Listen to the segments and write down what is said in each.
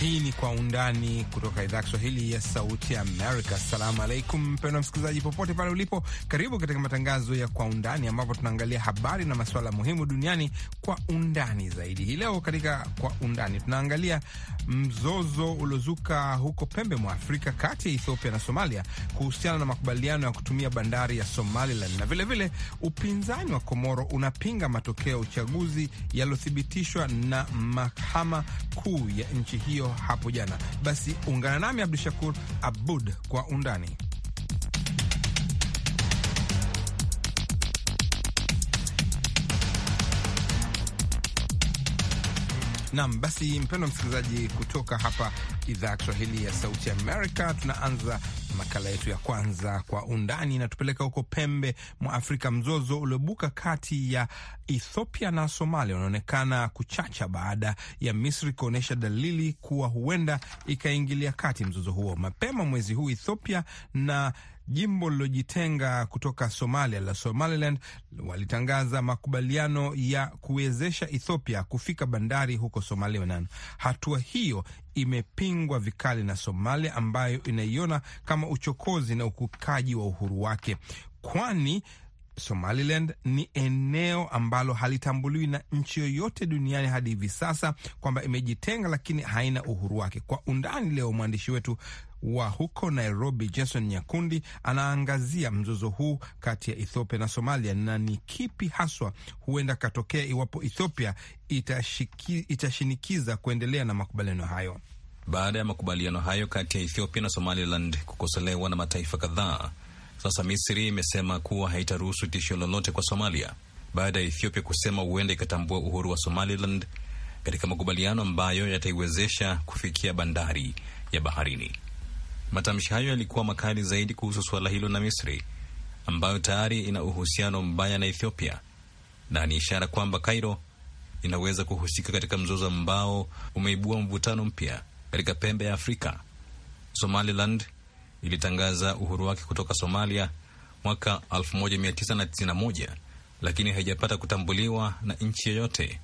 Hii ni Kwa Undani kutoka idhaa ya Kiswahili ya Sauti Amerika. Assalamu alaikum, mpendwa msikilizaji, popote pale ulipo, karibu katika matangazo ya Kwa Undani ambapo tunaangalia habari na masuala muhimu duniani kwa undani zaidi. Hii leo katika Kwa Undani tunaangalia mzozo uliozuka huko pembe mwa Afrika kati ya Ethiopia na Somalia kuhusiana na makubaliano ya kutumia bandari ya Somaliland, na vilevile vile, upinzani wa Komoro unapinga matokeo ya uchaguzi yaliyothibitishwa na mahakama kuu ya nchi hiyo hapo jana. Basi ungana nami Abdu Shakur Abud kwa undani. Nam basi, mpendwa msikilizaji, kutoka hapa idhaa ya Kiswahili ya Sauti Amerika, tunaanza makala yetu ya kwanza kwa undani, Inatupeleka huko pembe mwa Afrika. Mzozo uliobuka kati ya Ethiopia na Somalia unaonekana kuchacha baada ya Misri kuonyesha dalili kuwa huenda ikaingilia kati mzozo huo. Mapema mwezi huu Ethiopia na jimbo lilojitenga kutoka Somalia la Somaliland walitangaza makubaliano ya kuwezesha Ethiopia kufika bandari huko Somaliland. Hatua hiyo imepingwa vikali na Somalia ambayo inaiona kama uchokozi na ukiukaji wa uhuru wake kwani Somaliland ni eneo ambalo halitambuliwi na nchi yoyote duniani hadi hivi sasa kwamba imejitenga, lakini haina uhuru wake. Kwa undani leo mwandishi wetu wa huko Nairobi, Jason Nyakundi anaangazia mzozo huu kati ya Ethiopia na Somalia na ni kipi haswa huenda katokea iwapo Ethiopia itashiki, itashinikiza kuendelea na makubaliano hayo. Baada ya makubaliano hayo kati ya Ethiopia na Somaliland kukosolewa na mataifa kadhaa sasa Misri imesema kuwa haitaruhusu tishio lolote kwa Somalia baada ya Ethiopia kusema huenda ikatambua uhuru wa Somaliland katika makubaliano ambayo yataiwezesha kufikia bandari ya baharini. Matamshi hayo yalikuwa makali zaidi kuhusu suala hilo na Misri ambayo tayari ina uhusiano mbaya na Ethiopia na ni ishara kwamba Cairo inaweza kuhusika katika mzozo ambao umeibua mvutano mpya katika pembe ya Afrika. Somaliland ilitangaza uhuru wake kutoka Somalia mwaka 1991 lakini haijapata kutambuliwa na nchi yoyote.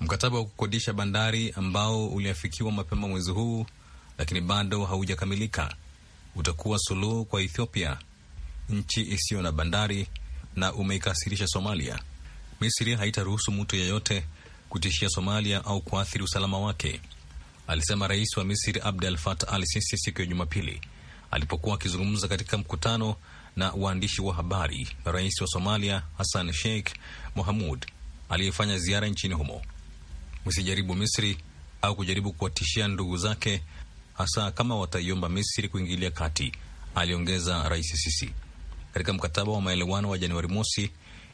Mkataba wa kukodisha bandari ambao uliafikiwa mapema mwezi huu lakini bado haujakamilika utakuwa suluhu kwa Ethiopia, nchi isiyo na bandari, na umeikasirisha Somalia. Misri haitaruhusu mtu yeyote kutishia Somalia au kuathiri usalama wake, alisema rais wa Misri Abdel Fattah al Sisi siku ya Jumapili alipokuwa akizungumza katika mkutano na waandishi wa habari, rais wa Somalia Hassan Sheikh Mohamud aliyefanya ziara nchini humo. Msijaribu Misri au kujaribu kuwatishia ndugu zake, hasa kama wataiomba Misri kuingilia kati, aliongeza Rais Sisi. Katika mkataba wa maelewano wa Januari mosi,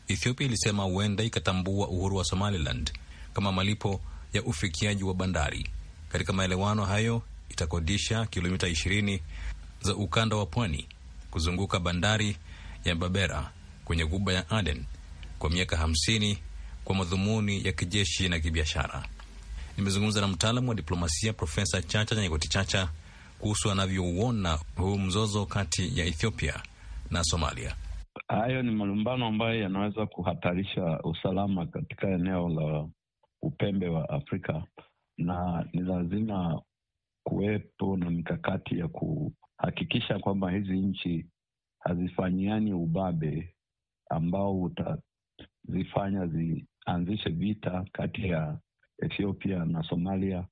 Ethiopia ilisema huenda ikatambua uhuru wa Somaliland kama malipo ya ufikiaji wa bandari. Katika maelewano hayo itakodisha kilomita 20 za ukanda wa pwani kuzunguka bandari ya Mbabera kwenye ghuba ya Aden kwa miaka hamsini kwa madhumuni ya kijeshi na kibiashara. Nimezungumza na mtaalamu wa diplomasia Profesa Chacha Nyaigoti Chacha kuhusu anavyouona huu mzozo kati ya Ethiopia na Somalia. Hayo ni malumbano ambayo yanaweza kuhatarisha usalama katika eneo la upembe wa Afrika, na ni lazima kuwepo na mikakati ya ku hakikisha kwamba hizi nchi hazifanyiani ubabe ambao utazifanya zianzishe vita kati ya Ethiopia na Somalia,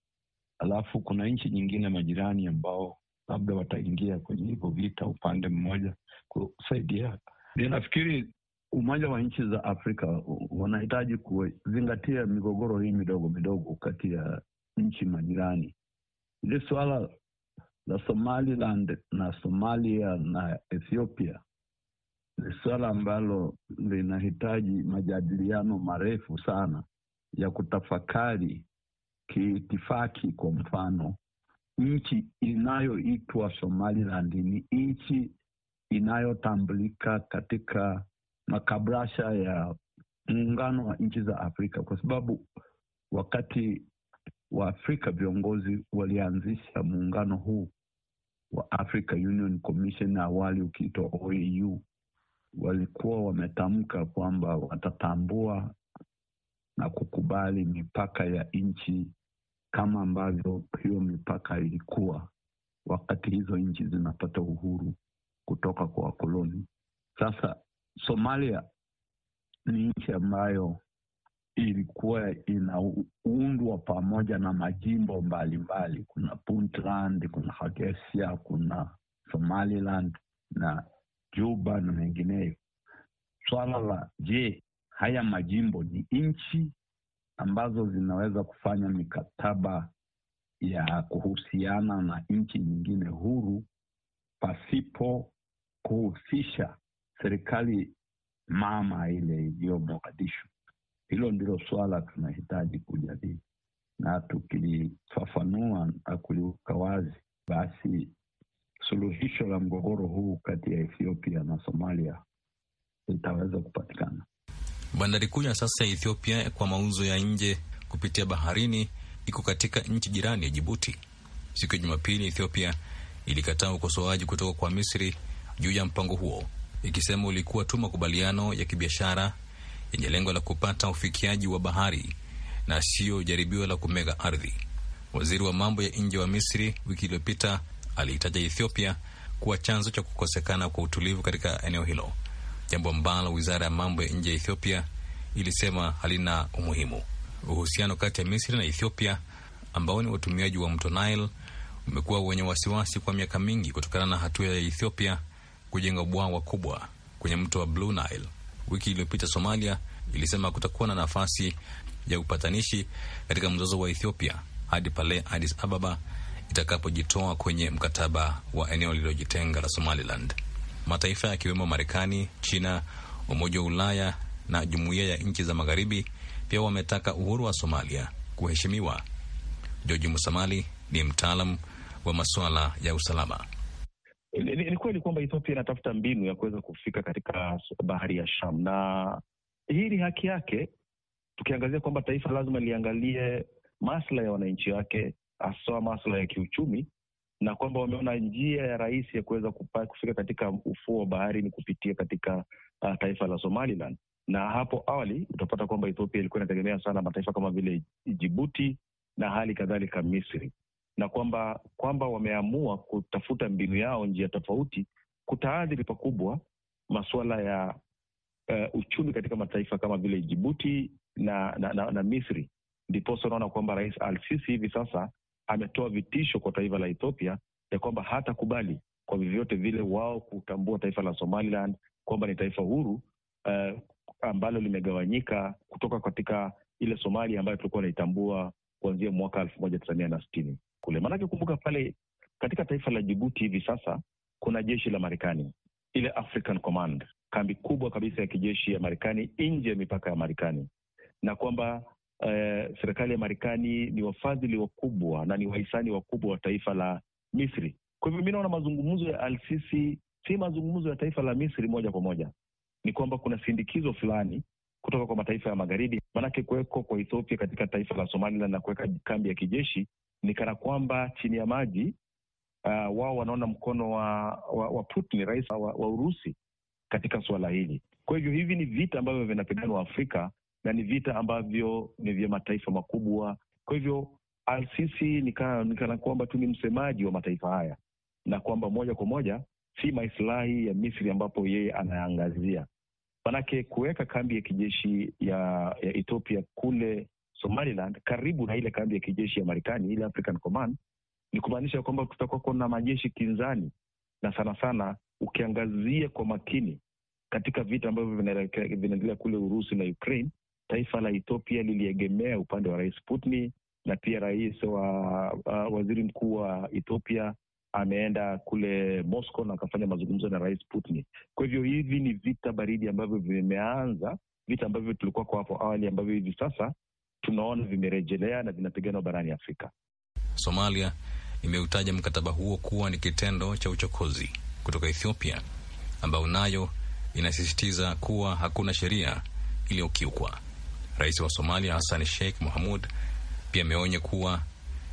alafu kuna nchi nyingine majirani ambao labda wataingia kwenye hivyo vita upande mmoja kusaidia. Ninafikiri Umoja wa Nchi za Afrika wanahitaji kuzingatia migogoro hii midogo midogo kati ya nchi majirani. ili suala la Somaliland na Somalia na Ethiopia ni suala ambalo linahitaji majadiliano marefu sana ya kutafakari kiitifaki. Kwa mfano, nchi inayoitwa Somaliland ni nchi inayotambulika katika makabrasha ya muungano wa nchi za Afrika kwa sababu wakati wa Afrika viongozi walianzisha muungano huu wa Africa Union Commission awali ukiitwa OAU, walikuwa wametamka kwamba watatambua na kukubali mipaka ya nchi kama ambavyo hiyo mipaka ilikuwa wakati hizo nchi zinapata uhuru kutoka kwa wakoloni. Sasa Somalia ni nchi ambayo ilikuwa inaundwa pamoja na majimbo mbalimbali mbali. Kuna Puntland, kuna Hagesia, kuna Somaliland na Juba na mengineyo. Swala la je, haya majimbo ni nchi ambazo zinaweza kufanya mikataba ya kuhusiana na nchi nyingine huru pasipo kuhusisha serikali mama ile iliyo Mogadishu. Hilo ndilo swala tunahitaji kujadili, na tukilifafanua na kuliweka wazi, basi suluhisho la mgogoro huu kati ya Ethiopia na Somalia litaweza kupatikana. Bandari kuu ya sasa ya Ethiopia kwa mauzo ya nje kupitia baharini iko katika nchi jirani ya Jibuti. Siku ya Jumapili, Ethiopia ilikataa ukosoaji kutoka kwa Misri juu ya mpango huo, ikisema ulikuwa tu makubaliano ya kibiashara yenye lengo la kupata ufikiaji wa bahari na siyo jaribio la kumega ardhi. Waziri wa mambo ya nje wa Misri wiki iliyopita aliitaja Ethiopia kuwa chanzo cha kukosekana kwa utulivu katika eneo hilo, jambo ambalo wizara ya mambo ya nje ya Ethiopia ilisema halina umuhimu. Uhusiano kati ya Misri na Ethiopia ambao ni watumiaji wa mto Nile umekuwa wenye wasiwasi kwa miaka mingi kutokana na hatua ya Ethiopia kujenga bwawa kubwa kwenye mto wa Blue Nile Wiki iliyopita Somalia ilisema kutakuwa na nafasi ya upatanishi katika mzozo wa Ethiopia hadi pale Addis Ababa itakapojitoa kwenye mkataba wa eneo lililojitenga la Somaliland. Mataifa yakiwemo Marekani, China, Umoja wa Ulaya na jumuiya ya nchi za magharibi pia wametaka uhuru wa Somalia kuheshimiwa. George Musamali ni mtaalam wa masuala ya usalama. Ni kweli kwamba Ethiopia inatafuta mbinu ya kuweza kufika katika bahari ya Sham, na hii ni haki yake, tukiangazia kwamba taifa lazima liangalie maslahi ya wananchi wake, haswa maslahi ya kiuchumi, na kwamba wameona njia ya rahisi ya kuweza kufika katika ufuo wa bahari ni kupitia katika uh, taifa la Somaliland. Na hapo awali utapata kwamba Ethiopia ilikuwa inategemea sana mataifa kama vile Jibuti na hali kadhalika Misri na kwamba kwamba wameamua kutafuta mbinu yao njia tofauti kutaadhiri pakubwa masuala ya uh, uchumi katika mataifa kama vile Jibuti na, na, na, na Misri. Ndiposa unaona kwamba Rais Al-Sisi hivi sasa ametoa vitisho kwa taifa la Ethiopia ya kwamba hatakubali kwa vyovyote vile wao kutambua taifa la Somaliland kwamba ni taifa huru uh, ambalo limegawanyika kutoka katika ile Somalia ambayo tulikuwa tunaitambua kuanzia mwaka elfu moja tisamia na sitini kule. Maanake kumbuka pale katika taifa la Jibuti hivi sasa kuna jeshi la Marekani, ile African Command, kambi kubwa kabisa ya kijeshi ya Marekani nje ya mipaka ya Marekani, na kwamba eh, serikali ya Marekani ni wafadhili wakubwa na ni wahisani wakubwa wa taifa la Misri. Kwa hivyo mi naona mazungumzo ya Al-Sisi si mazungumzo ya taifa la Misri moja kwa moja, ni kwamba kuna sindikizo fulani kutoka kwa mataifa ya magharibi, maanake kuweko kwa Ethiopia katika taifa la Somaliland na kuweka kambi ya kijeshi ni kana kwamba chini ya maji uh, wao wanaona mkono wa, wa, wa Putin, rais wa, wa Urusi katika suala hili. Kwa hivyo hivi ni vita ambavyo vinapiganwa Afrika na ni vita ambavyo ni vya mataifa makubwa. Kwa hivyo Al-Sisi ni kana kwamba tu ni msemaji wa mataifa haya na kwamba moja kwa moja si maislahi ya Misri ambapo yeye anaangazia. Manake kuweka kambi ya kijeshi ya, ya Ethiopia kule Somaliland karibu na ile kambi ya kijeshi ya Marekani, ile African Command, ni kumaanisha kwamba tutakuwa kuna majeshi kinzani, na sana sana ukiangazia kwa makini katika vita ambavyo vinaendelea kule Urusi na Ukraine, taifa la Ethiopia liliegemea upande wa Rais Putini na pia rais wa uh, waziri mkuu wa Ethiopia ameenda kule Moscow na akafanya mazungumzo na Rais Putin. Kwa hivyo hivi ni vita baridi ambavyo vimeanza, vita ambavyo tulikuwa kwa hapo awali ambavyo hivi sasa tunaona vimerejelea na vinapiganwa barani Afrika. Somalia imeutaja mkataba huo kuwa ni kitendo cha uchokozi kutoka Ethiopia, ambao nayo inasisitiza kuwa hakuna sheria iliyokiukwa. Rais wa Somalia Hassan Sheikh Mohamud pia ameonya kuwa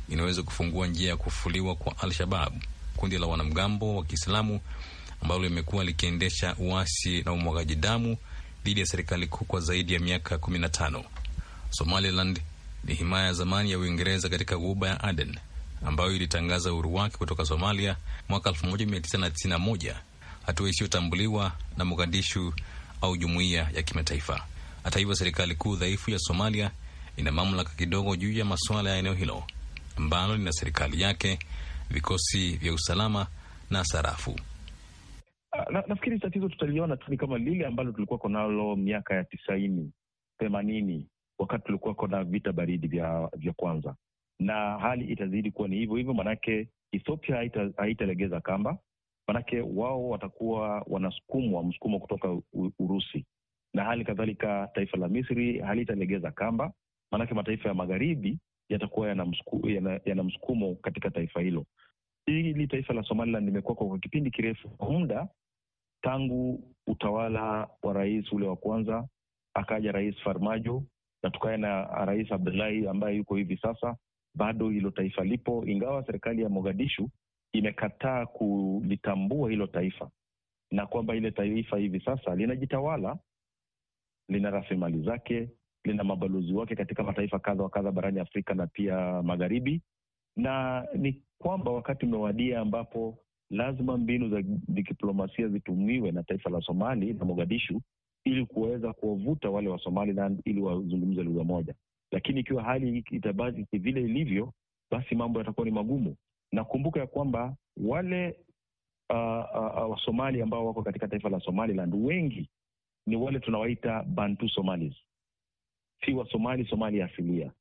inaweza kufungua njia ya kufuliwa kwa Al-Shabab, kundi la wanamgambo wa Kiislamu ambalo limekuwa likiendesha uasi na umwagaji damu dhidi ya serikali kuu kwa zaidi ya miaka kumi na tano. Somaliland ni himaya ya zamani ya Uingereza katika ghuba ya Aden ambayo ilitangaza uhuru wake kutoka Somalia mwaka 1991, hatua isiyotambuliwa na Mogadishu au jumuiya ya kimataifa. Hata hivyo, serikali kuu dhaifu ya Somalia ina mamlaka kidogo juu ya masuala ya eneo hilo ambalo lina serikali yake, vikosi vya usalama na sarafu. Ah, na, nafikiri tatizo tutaliona tu ni kama lile ambalo tulikuwa konalo miaka ya tisaini themanini wakati tulikuwako na vita baridi vya vya kwanza, na hali itazidi kuwa ni hivyo hivyo, manake Ethiopia haitalegeza haita kamba, manake wao watakuwa wanasukumwa msukumo kutoka Urusi, na hali kadhalika taifa la Misri halitalegeza kamba, manake mataifa ya magharibi yatakuwa yana msukumo yana, yana katika taifa hilo. Hili taifa la Somaliland limekuwa kwa kipindi kirefu kwa muda tangu utawala wa rais ule wa kwanza, akaja Rais Farmajo na tukae na Rais abdulahi ambaye yuko hivi sasa, bado hilo taifa lipo, ingawa serikali ya Mogadishu imekataa kulitambua hilo taifa na kwamba ile taifa hivi sasa linajitawala, lina rasilimali zake, lina mabalozi wake katika mataifa kadha wa kadha barani Afrika na pia magharibi, na ni kwamba wakati umewadia ambapo lazima mbinu za diplomasia zitumiwe na taifa la Somali na Mogadishu ili kuweza kuwavuta wale wa Somaliland ili wazungumze lugha moja. Lakini ikiwa hali itabaki vile ilivyo, basi mambo yatakuwa ni magumu, na kumbuka ya kwamba wale uh, uh, Wasomali ambao wako katika taifa la Somaliland wengi ni wale tunawaita Bantu Somalis, si Wasomali Somali asilia,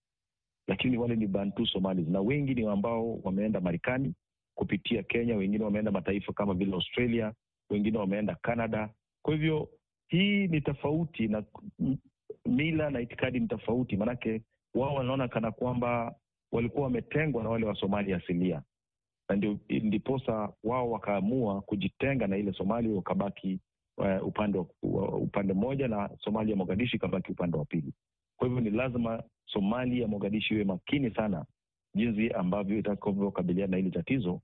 lakini wale ni Bantu Somalis, na wengi ni ambao wameenda Marekani kupitia Kenya, wengine wameenda mataifa kama vile Australia, wengine wameenda Canada. Kwa hivyo hii ni tofauti na mila na itikadi ni tofauti, maanake wao wanaona kana kwamba walikuwa wametengwa na wale wa Somali asilia, na ndiposa wao wakaamua kujitenga na ile Somali, wakabaki uh, upande uh, upande mmoja na Somali ya Mogadishi ikabaki upande wa pili. Kwa hivyo ni lazima Somali ya Mogadishi iwe makini sana jinsi ambavyo itakavyokabiliana na hili tatizo,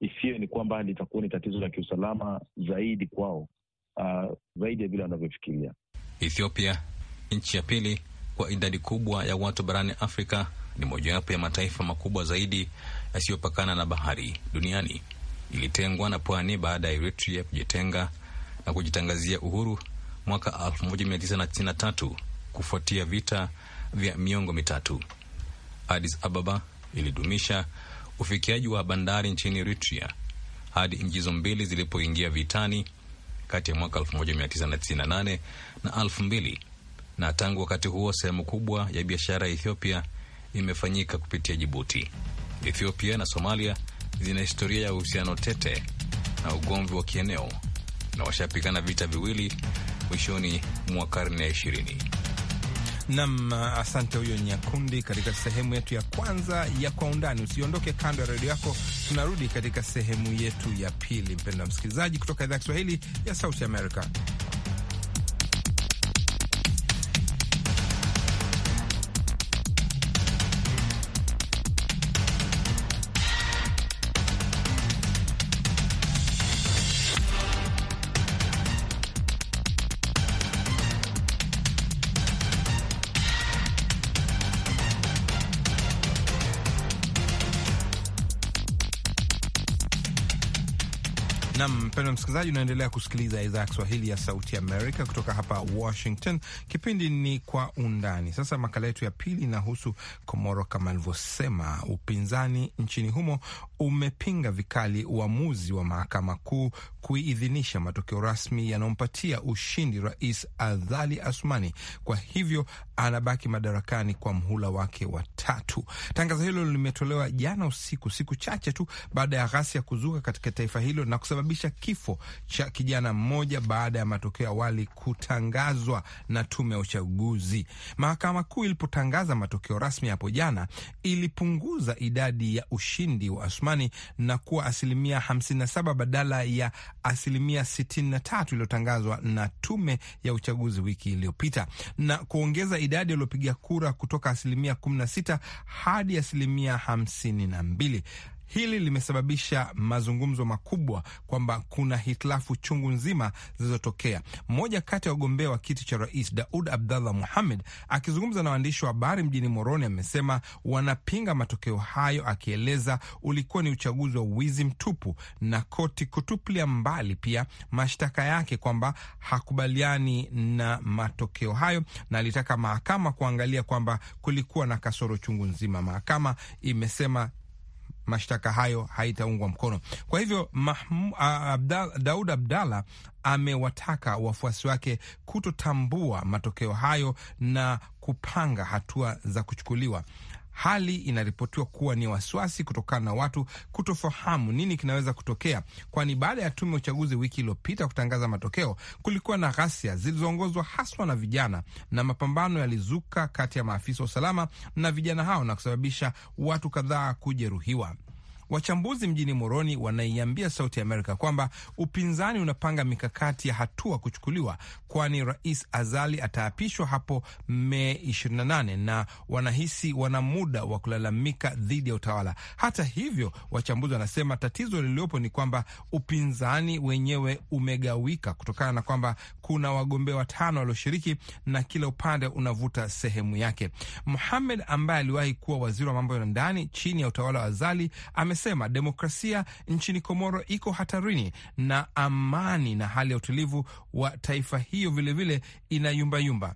isiyo ni kwamba litakuwa ni tatizo la kiusalama zaidi kwao, Uh, zaidi ya vile wanavyofikiria. Ethiopia, nchi ya pili kwa idadi kubwa ya watu barani Afrika, ni mojawapo ya mataifa makubwa zaidi yasiyopakana na bahari duniani. Ilitengwa na pwani baada ya Eritrea kujitenga na kujitangazia uhuru mwaka 1993 kufuatia vita vya miongo mitatu. Addis Ababa ilidumisha ufikiaji wa bandari nchini Eritrea hadi nchi hizo mbili zilipoingia vitani kati ya mwaka 1998 na 2000, na tangu wakati huo sehemu kubwa ya biashara ya Ethiopia imefanyika kupitia Jibuti. Ethiopia na Somalia zina historia ya uhusiano tete na ugomvi wa kieneo na washapigana vita viwili mwishoni mwa karne ya ishirini. Nam, asante huyo Nyakundi, katika sehemu yetu ya kwanza ya kwa undani. Usiondoke kando ya redio yako, tunarudi katika sehemu yetu ya pili. Mpendwa msikilizaji, kutoka idhaa ya Kiswahili ya Sauti Amerika, Mpendwa msikilizaji, unaendelea kusikiliza idhaa ya Kiswahili ya Sauti Amerika kutoka hapa Washington. Kipindi ni Kwa Undani. Sasa makala yetu ya pili inahusu Komoro. Kama alivyosema, upinzani nchini humo umepinga vikali uamuzi wa mahakama kuu kuidhinisha matokeo rasmi yanayompatia ushindi Rais Adhali Asumani. Kwa hivyo anabaki madarakani kwa mhula wake wa tatu. Tangazo hilo limetolewa jana usiku, siku chache tu baada ya ghasia kuzuka katika taifa hilo na kusababisha kifo cha kijana mmoja baada ya matokeo awali kutangazwa na tume ya uchaguzi. Mahakama Kuu ilipotangaza matokeo rasmi hapo jana, ilipunguza idadi ya ushindi wa Asmani na kuwa asilimia 57 badala ya asilimia 63 iliyotangazwa na tume ya uchaguzi wiki iliyopita na kuongeza idadi waliopiga kura kutoka asilimia 16 hadi asilimia 52. Hili limesababisha mazungumzo makubwa kwamba kuna hitilafu chungu nzima zilizotokea. Mmoja kati ya wagombea wa kiti cha rais Daud Abdallah Muhamed akizungumza na waandishi wa habari mjini Moroni amesema wanapinga matokeo hayo, akieleza ulikuwa ni uchaguzi wa wizi mtupu na koti kutupilia mbali pia mashtaka yake kwamba hakubaliani na matokeo hayo, na alitaka mahakama kuangalia kwamba kulikuwa na kasoro chungu nzima. Mahakama imesema mashtaka hayo haitaungwa mkono. Kwa hivyo Mahmud, Abdala, Daud Abdalla amewataka wafuasi wake kutotambua matokeo hayo na kupanga hatua za kuchukuliwa. Hali inaripotiwa kuwa ni wasiwasi kutokana na watu kutofahamu nini kinaweza kutokea, kwani baada ya tume ya uchaguzi wiki iliyopita kutangaza matokeo, kulikuwa na ghasia zilizoongozwa haswa na vijana, na mapambano yalizuka kati ya maafisa wa usalama na vijana hao na kusababisha watu kadhaa kujeruhiwa. Wachambuzi mjini Moroni wanaiambia Sauti ya Amerika kwamba upinzani unapanga mikakati ya hatua kuchukuliwa, kwani Rais Azali ataapishwa hapo Mei 28 na wanahisi wana muda wa kulalamika dhidi ya utawala. Hata hivyo, wachambuzi wanasema tatizo lililopo ni kwamba upinzani wenyewe umegawika kutokana na kwamba kuna wagombea watano walioshiriki na kila upande unavuta sehemu yake. Muhamed ambaye aliwahi kuwa waziri wa mambo ya ndani chini ya utawala wa Azali ame amesema demokrasia nchini Komoro iko hatarini na amani na hali ya utulivu wa taifa hiyo vilevile inayumbayumba.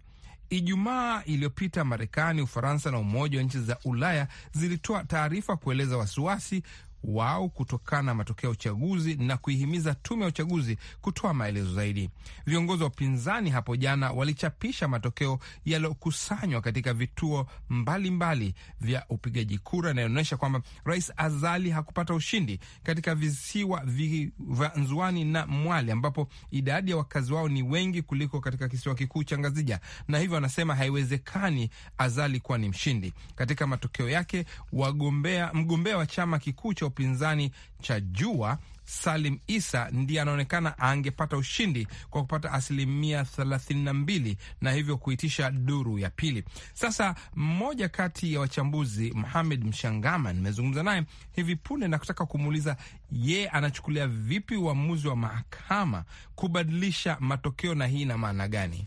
Ijumaa iliyopita Marekani, Ufaransa na Umoja wa Nchi za Ulaya zilitoa taarifa kueleza wasiwasi wao kutokana na matokeo ya uchaguzi na kuihimiza tume ya uchaguzi kutoa maelezo zaidi. Viongozi wa upinzani hapo jana walichapisha matokeo yaliyokusanywa katika vituo mbalimbali mbali vya upigaji kura inayoonyesha kwamba Rais Azali hakupata ushindi katika visiwa vya Nzwani na Mwali, ambapo idadi ya wakazi wao ni wengi kuliko katika kisiwa kikuu cha Ngazija, na hivyo wanasema haiwezekani Azali kuwa ni mshindi. Katika matokeo yake, wagombea mgombea wa chama kikuu cha upinzani cha Jua Salim Isa ndiye anaonekana angepata ushindi kwa kupata asilimia 32 na hivyo kuitisha duru ya pili. Sasa mmoja kati ya wachambuzi Muhamed Mshangama, nimezungumza naye hivi punde na kutaka kumuuliza ye anachukulia vipi uamuzi wa, wa mahakama kubadilisha matokeo na hii ina maana gani?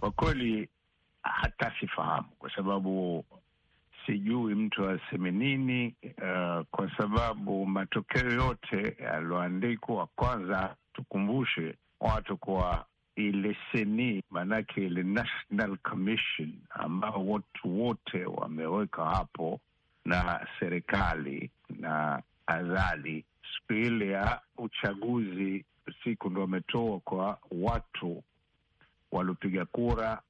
Kwa kweli hata sifahamu kwa sababu sijui mtu aseme nini uh, kwa sababu matokeo yote yaliyoandikwa, kwanza tukumbushe watu kwa ile seni, maanake ile National Commission ambao watu wote wameweka hapo na serikali na adhali siku ile ya uchaguzi siku ndo wametoa kwa watu waliopiga kura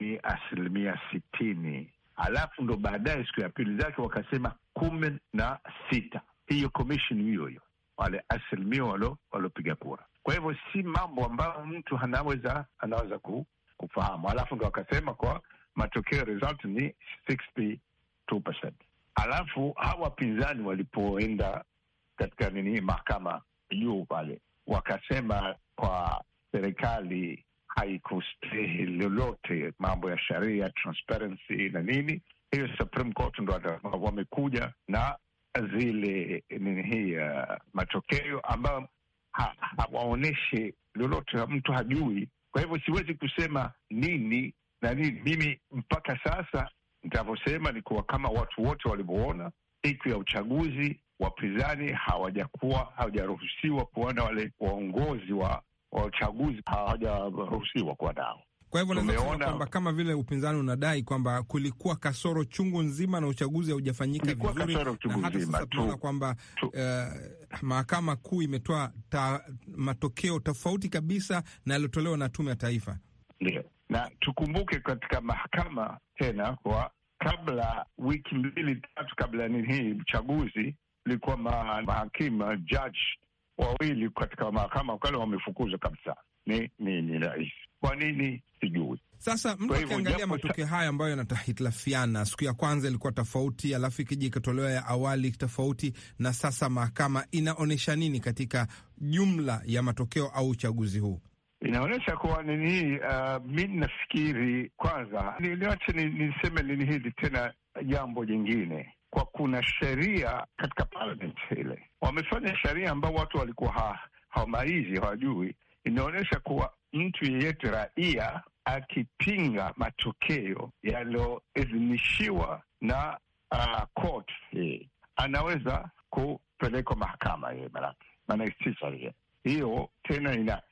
ni asilimia sitini alafu ndo baadaye siku ya pili zake wakasema kumi na sita hiyo commission hiyo hiyo wale asilimia waliopiga kura. Kwa hivyo si mambo ambayo mtu anaweza anaweza ku, kufahamu. Alafu ndo wakasema kwa matokeo result ni 62%. Alafu hawa wapinzani walipoenda katika nini mahakama juu pale wakasema kwa serikali haikustehi lolote, mambo ya sheria, transparency na nini. Hiyo Supreme Court ndo wamekuja na zile nini hii uh, matokeo ambayo hawaoneshe ha, lolote, mtu hajui. Kwa hivyo siwezi kusema nini na nini. Mimi mpaka sasa nitavyosema ni kuwa kama watu wote walivyoona siku ya uchaguzi, wapinzani hawajakuwa hawajaruhusiwa kuona wale waongozi wa wachaguzi hawajaruhusiwa kuwa nao. Kwa hivyo naona kwamba kama vile upinzani unadai kwamba kulikuwa kasoro chungu nzima na uchaguzi haujafanyika vizuri, na hata sasa tunaona kwamba uh, mahakama kuu imetoa ta, matokeo tofauti kabisa na yaliyotolewa na tume ya taifa. Ndio, na tukumbuke katika mahakama tena, kwa kabla wiki mbili tatu kabla nini hii uchaguzi, ilikuwa mahakima judge wawili katika mahakama kale wamefukuzwa kabisa, ni ni ni rais. Kwa nini sijui. Sasa mtu akiangalia matokeo haya ambayo yanahitilafiana, siku ya kwanza ilikuwa tofauti, alafu ikija ikatolewa ya awali tofauti, na sasa mahakama inaonyesha nini katika jumla ya matokeo au uchaguzi huu? Inaonyesha kuwa nini hii. Uh, mi nafikiri kwanza niwache niseme nini hili tena, jambo jingine kwa kuna sheria katika parliament ile wamefanya sheria ambao watu walikuwa ha, hawamaizi hawajui. Inaonyesha kuwa mtu yeyote raia akipinga matokeo yaliyoidhinishiwa na uh, court hii anaweza kupelekwa mahakama yeye maanake maana si sheria hiyo tena ina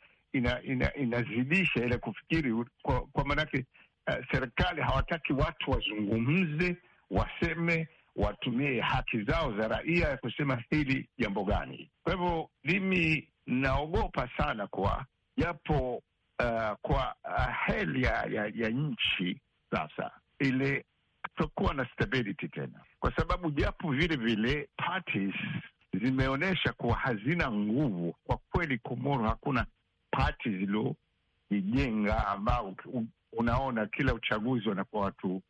inazidisha ina, ina ile kufikiri kwa, kwa maanake uh, serikali hawataki watu wazungumze waseme watumie haki zao za raia ya kusema hili jambo gani. Kwa hivyo mimi naogopa sana kwa japo uh, kwa hali uh, ya, ya, ya nchi sasa ile kutokuwa na stability tena, kwa sababu japo vile vile parties zimeonyesha kuwa hazina nguvu kwa kweli. Komoro hakuna party zilizoijenga ambao unaona kila uchaguzi wanakuwa watu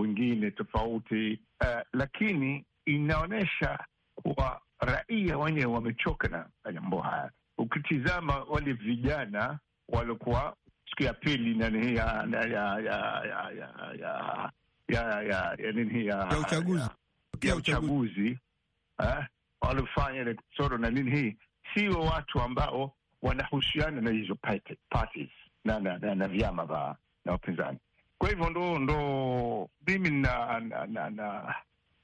wengine tofauti uh, lakini inaonyesha kuwa raia wenyewe wamechoka na mambo haya. Ukitizama wale vijana walikuwa siku ya pili nani ya ya uchaguzi eh, walifanya ile na nini, hii sio watu ambao wanahusiana na hizo parties na na vyama vya na upinzani. Kwa hivyo ndo ndo mimi na na na, na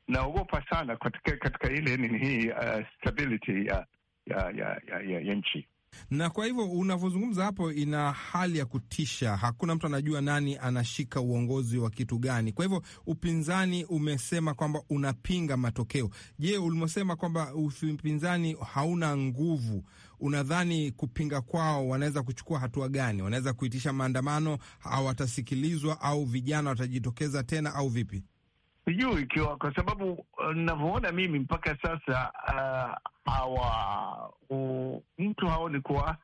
naogopa sana katika katika ile nini hii uh, stability ya ya ya, ya, ya, ya nchi. Na kwa hivyo unavyozungumza hapo, ina hali ya kutisha. Hakuna mtu anajua nani anashika uongozi wa kitu gani. Kwa hivyo upinzani umesema kwamba unapinga matokeo. Je, ulimosema kwamba upinzani hauna nguvu, unadhani kupinga kwao wanaweza kuchukua hatua gani? Wanaweza kuitisha maandamano, au watasikilizwa au vijana watajitokeza tena au vipi? sijui ikiwa kwa sababu eh, ninavyoona mimi mpaka sasa uh, hawa uh, mtu haoni kuwa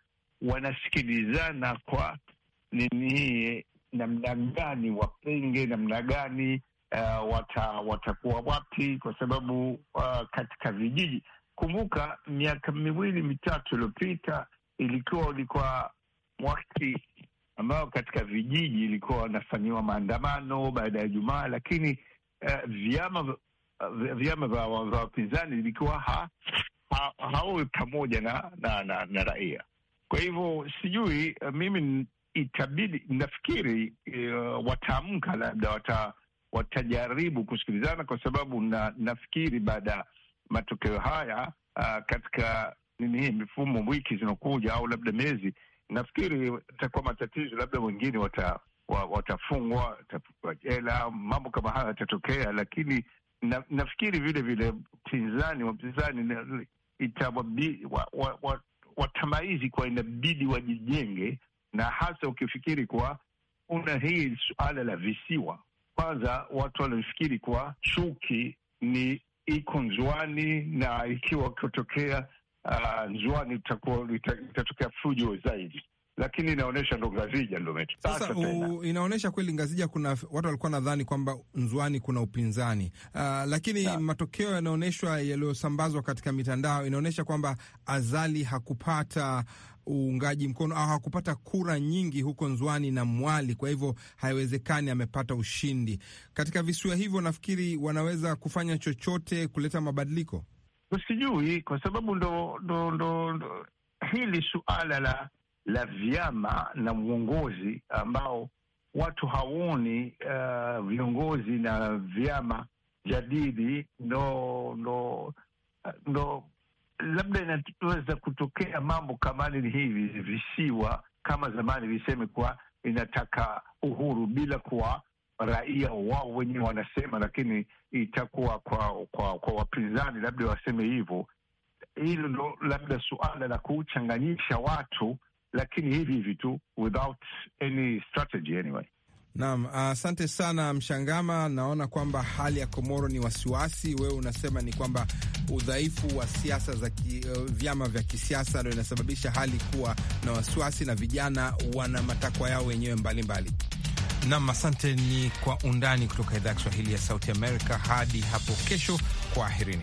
wanasikilizana kwa nini, namna gani wapenge, namna gani uh, wata, watakuwa wapi, kwa sababu uh, katika vijiji, kumbuka miaka miwili mitatu iliyopita ilikuwa ulikuwa wakti ambao katika vijiji ilikuwa wanafanyiwa maandamano baada ya Jumaa, lakini Eh, vyama eh, vyama vya wapinzani vikiwa ha, ha, hawe pamoja na, na, na, na raia. Kwa hivyo sijui eh, mimi itabidi nafikiri uh, wataamka labda wata, watajaribu kusikilizana kwa sababu na, nafikiri baada ya matokeo haya uh, katika nini hii mifumo wiki zinakuja au labda miezi, nafikiri itakuwa matatizo, labda wengine wata watafungwa jela, mambo kama hayo yatatokea, lakini na, nafikiri vile vile pinzani wapinzani watamaizi kwa inabidi wajijenge, na hasa ukifikiri kwa kuna hii suala la visiwa. Kwanza watu wanafikiri kwa chuki ni iko Nzwani, na ikiwa kutokea uh, Nzwani itatokea fujo zaidi lakini inaonyesha ndo Ngazija ndo mechi sasa. u, Inaonyesha kweli Ngazija, kuna watu walikuwa nadhani kwamba Nzwani kuna upinzani uh, lakini na matokeo yanaonyeshwa yaliyosambazwa katika mitandao inaonyesha kwamba Azali hakupata uungaji mkono au hakupata kura nyingi huko Nzwani na Mwali, kwa hivyo haiwezekani amepata ushindi katika visiwa hivyo. Nafikiri wanaweza kufanya chochote kuleta mabadiliko, sijui kwa sababu ndo, ndo, ndo, ndo hili suala la la vyama na uongozi ambao watu hawoni uh, eh, viongozi na vyama jadidi ndo ndo ndo labda inaweza kutokea mambo kama ni hivi visiwa kama zamani viseme kuwa inataka uhuru bila kuwa raia wao wenyewe wanasema, lakini itakuwa kwa kwa, kwa wapinzani labda waseme hivyo. Hilo ndo labda suala la kuchanganyisha watu lakini hivi hivi tu without any strategy anyway. Naam, asante uh, sana Mshangama. Naona kwamba hali ya Komoro ni wasiwasi. Wewe unasema ni kwamba udhaifu wa siasa za ki, uh, vyama vya kisiasa ndio inasababisha hali kuwa na wasiwasi, na vijana wana matakwa yao wenyewe mbalimbali. Nam, asante. Ni kwa undani kutoka idhaa ya Kiswahili ya Sauti Amerika. Hadi hapo kesho, kwaherini.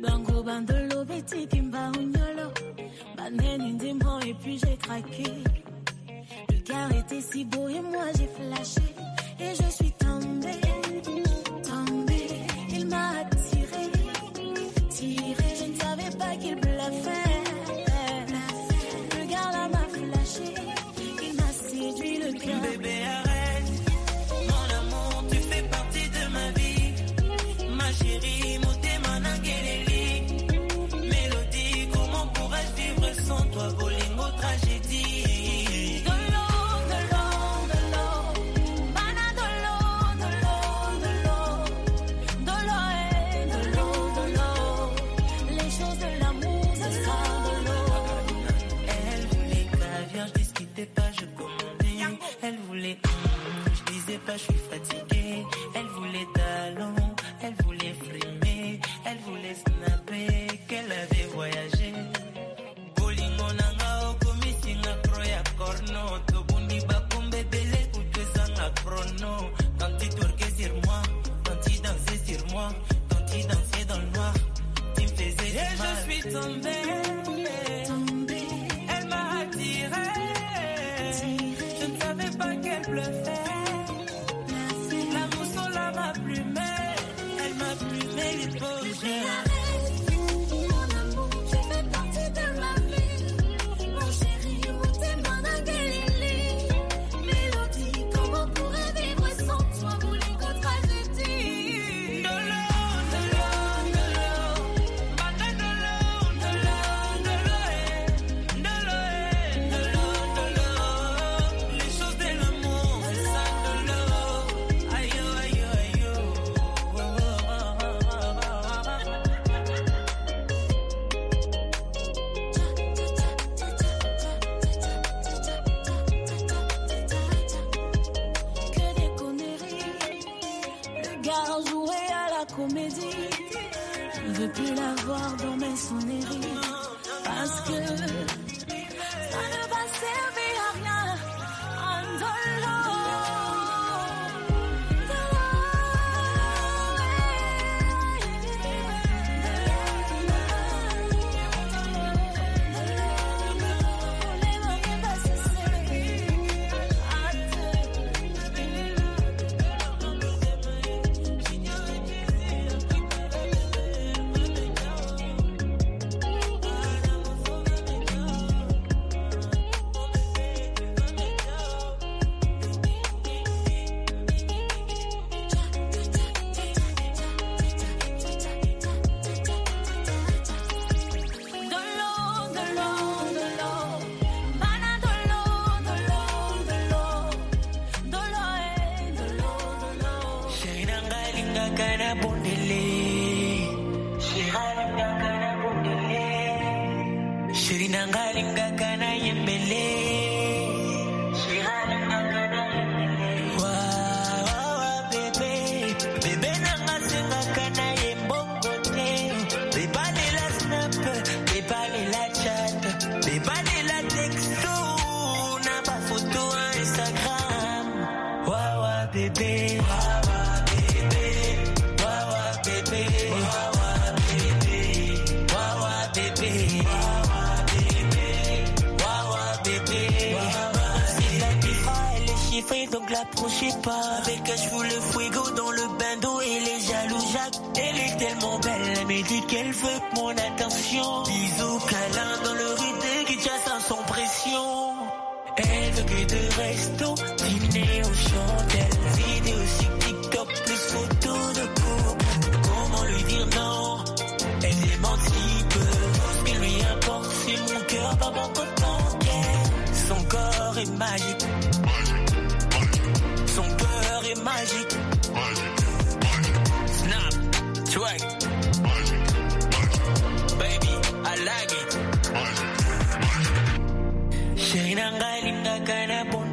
bango bandolo là, banane baneni ndimbo et puis j'ai craqué le car était si beau et moi j'ai flashé donc l'approchez pas. Avec un je le fuego dans le bain d'eau et les jaloux Jacques. Elle est tellement belle, elle me dit qu'elle veut mon attention. Bisous, câlin dans le rude qui tient sans pression. Elle veut que de resto, dîner au chantelle vidéo sur TikTok, plus photo de couple. Comment lui dire non Elle est si peu. Ce lui importe, c'est mon cœur, pas mon compte Son corps est magique. it magic. Snap, twerk. Baby, I like it. Shainan galing na